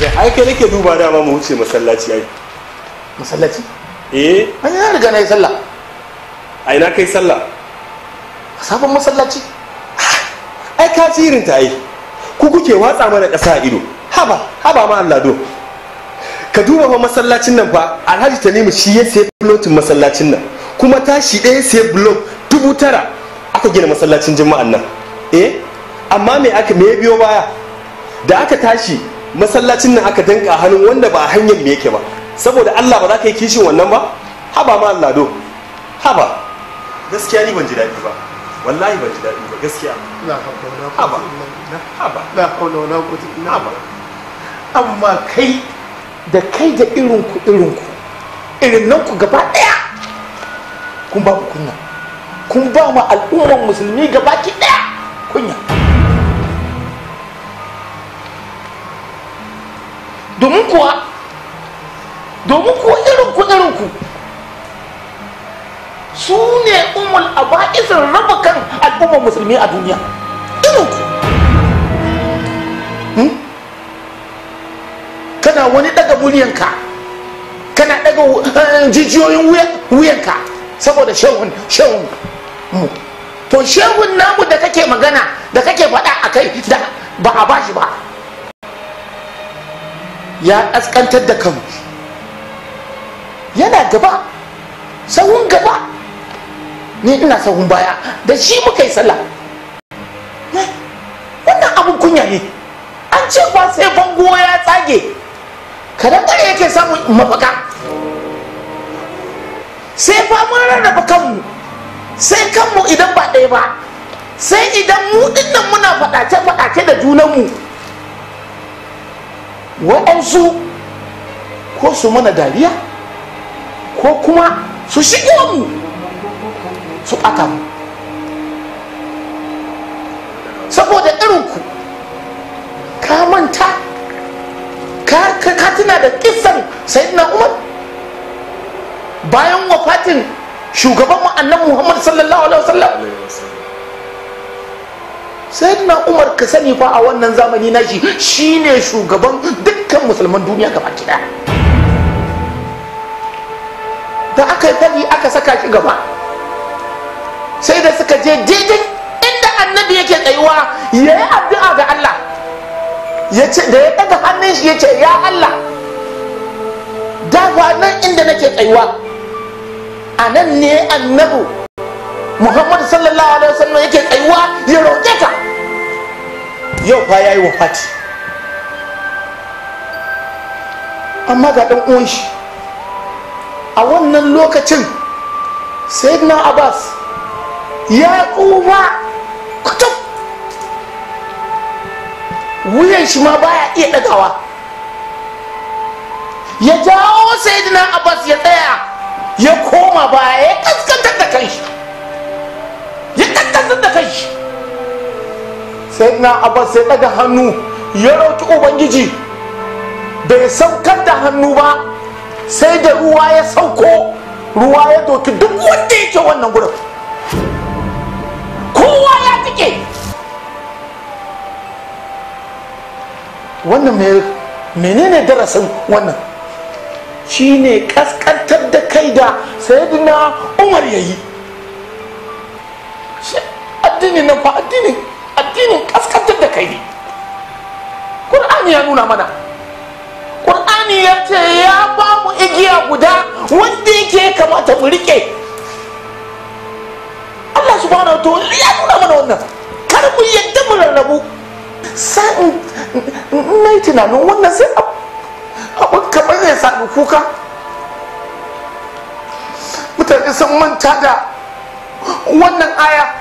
sai ai kai nake duba dama mu wuce masallaci ai masallaci eh an yi riga na yi sallah ai na kai sallah sabon masallaci ai ka irin ta ai ku kuke watsa mana ƙasa ido haba haba ma Allah do ka duba ma masallacin nan fa Alhaji Tanimu shi ya sai flotin masallacin nan kuma tashi ɗaya sai blok dubu tara aka gina masallacin jima'an nan eh amma me aka me biyo baya da aka tashi masallacin nan aka danka hannun wanda ba hanyar me yake ba saboda Allah ba za ka yi kishin wannan ba haba ma Allah do haba gaskiya ni ban ji daɗi ba wallahi ban ji daɗi ba gaskiya haba haba billah amma kai da kai da irin ku irin ku irin nan ku gaba daya kun ba ku kunna kun ba ma al'ummar musulmi gaba ki daya. domin kuwa domin kuwa irinku irinku su ne umul aba'isin raba kan al'ummar musulmi a duniya irinku hmm? kana wani daga muryanka kana daga eh, jijiyoyin wuyanka saboda shehun shehun mu to shehun namu da kake magana da kake faɗa a kai da ba a bashi ba ya ƙasƙantar da kanmu yana gaba sahun gaba ni ina sahun baya da shi muka yi sallah wannan abun kunya ne an ce ba sai bango ya tsage kadan kare yake samu mafaka sai fa mun rarraba kanmu sai kanmu idan ba ɗaya ba sai idan mu dinnan muna faɗace-faɗace da junanmu wa'ansu ko su mana dariya ko kuma su shigo mu su ɓata mu saboda irinku ka manta ka tuna da kisan sayyidina umar bayan wafatin shugaban mu annabi muhammad sallallahu alaihi wasallam na umar ka sani fa a wannan zamani na shi shine shugaban dukkan musulman duniya gaba daya da aka yi fadi aka saka shi gaba sai da suka je daidai inda annabi yake tsayuwa ya yi addu'a ga allah da ya ɗaga hannun shi ya ce ya allah da ba nan inda nake tsayuwa a nan ne annabu muhammadu sallallahu alaihi wasallam yake tsayuwa ya roƙe ka yau fa wa wafati amma ga ɗan uwan shi a wannan lokacin sayyidina abbas ya tsufa kutub wuyan shi ma baya iya ɗagawa ya jawo sayyidina abbas ya tsaya ya koma baya ya sai na abbas sai daga hannu ya roki ubangiji bai saukar da hannu ba sai da ruwa ya sauko ruwa ya doki duk wanda yake wannan gurin kowa ya tike wannan menene darasin wannan shine kaskantar da kai da sayyidina umar yayi addini nan fa addini tauhidi qur'ani ya nuna mana qur'ani ya ce ya ba mu igiya guda wanda yake kamata mu rike Allah subhanahu wa ta'ala ya nuna mana wannan kar mu yadda mu rarrabu sa'in mai yi tunanin wannan sai abin kamar zai sa'in kuka mutane sun manta da wannan aya